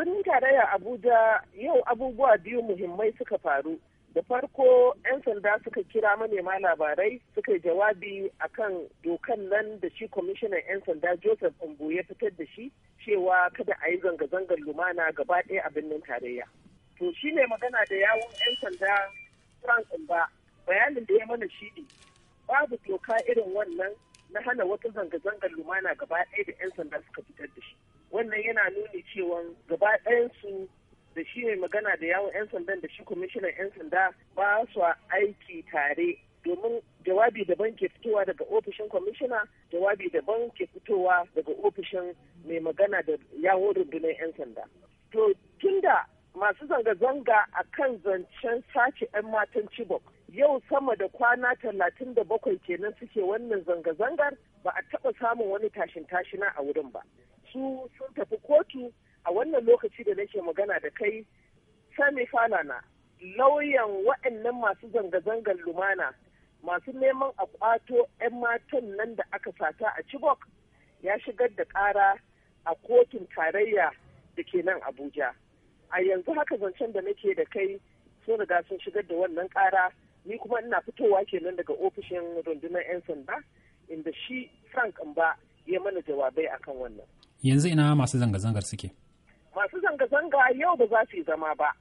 birnin tarayya abuja yau abubuwa biyu muhimmai suka faru da farko 'yan sanda suka kira manema labarai suka jawabi a kan dokan nan da shi kwamishinan 'yan sanda joseph umbu ya fitar da shi cewa kada a yi zanga-zangar lumana gaba ɗaya a birnin tarayya to shi ne magana da yawon 'yan sanda frank umba bayanin da ya mana shi ne babu doka irin wannan na hana wata zanga-zangar lumana gaba ɗaya da 'yan sanda suka fitar da shi wannan yana nuni cewa gaba ɗayansu da shi mai magana da yawon 'yan sandan da shi kwamishinan 'yan sanda ba su aiki tare domin jawabi daban ke fitowa daga ofishin kwamishina jawabi daban ke fitowa daga ofishin mai magana da yawon rundunar 'yan sanda to tunda masu zanga-zanga a kan zancen sace 'yan matan chibok yau sama da kwana talatin da bakwai kenan suke wannan zanga-zangar ba a taɓa samun wani tashin tashina a wurin ba su sun tafi kotu a wannan lokaci da nake magana da kai sami falana lauyan waɗannan masu zanga-zangar lumana masu neman a kwato 'yan matan nan da aka sata a chibok ya shigar da ƙara a kotun tarayya da ke nan abuja a yanzu haka zancen da nake da kai sun riga sun shigar da wannan ƙara ni kuma ina fitowa kenan daga ofishin rundunar 'yan sanda inda shi frank ba ya mana jawabai akan wannan yanzu ina masu zanga-zangar suke masu zanga-zanga yau ba za su yi zama ba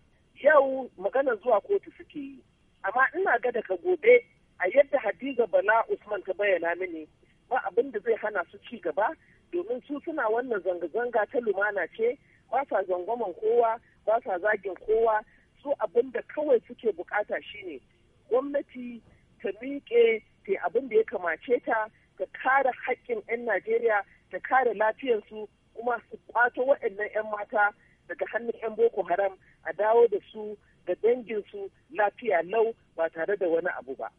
yau magana zuwa kotu suke yi amma ina ga daga gobe a yadda hadiza bala usman ta bayyana mini ba abin da zai hana su ci gaba domin su suna wannan zanga-zanga ta lumana ce ba sa zangwaman kowa ba sa zagin kowa su abin da kawai suke bukata shine gwamnati ta miƙe ta abin da ya kamace ta ta kare haƙƙin 'yan Najeriya ta kare lafiyarsu kuma su ƙwato waɗannan 'yan mata daga hannun 'yan Boko Haram a dawo da su da danginsu lafiya lau ba tare da wani abu ba.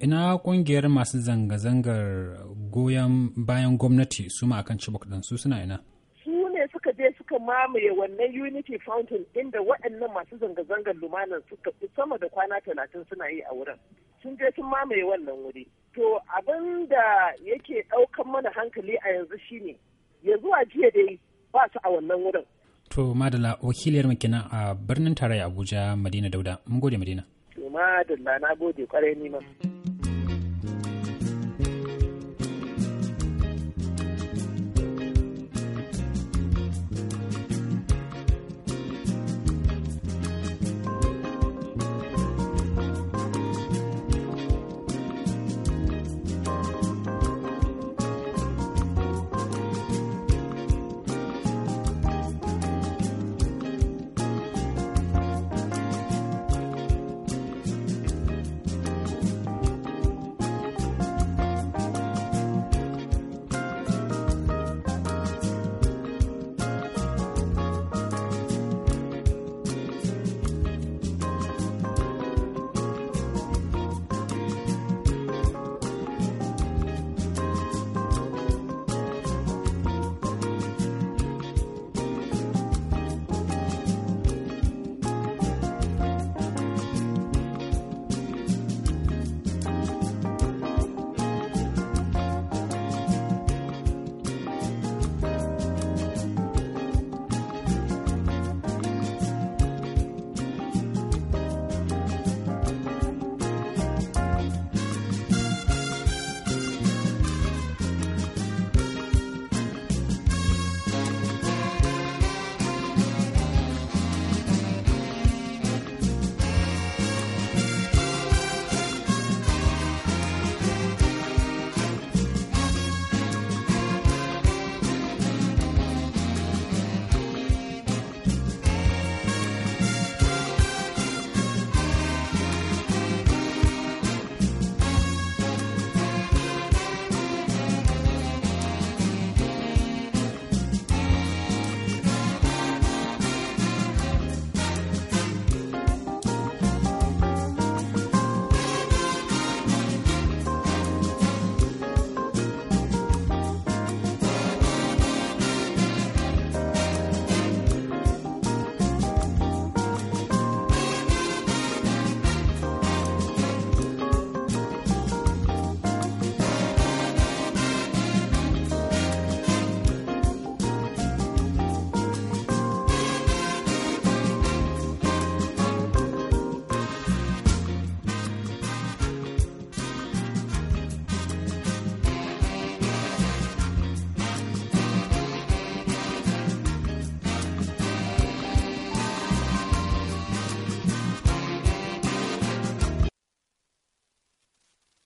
Ina ƙungiyar masu zanga-zangar goyon bayan gwamnati su ma akan ci su suna ina? Su ne suka je suka mamaye wannan Unity Fountain inda waɗannan masu zanga-zangar lumanan suka fi sama da kwana talatin suna yi a wurin. sun je sun mamaye wannan wuri to abin da yake ɗaukan mana hankali a yanzu shine ya zuwa jiya dai ba su a wannan wurin to madala wakiliyar kenan a birnin tarayya abuja madina dauda mun gode madina to madalla na gode kwarai ni ma.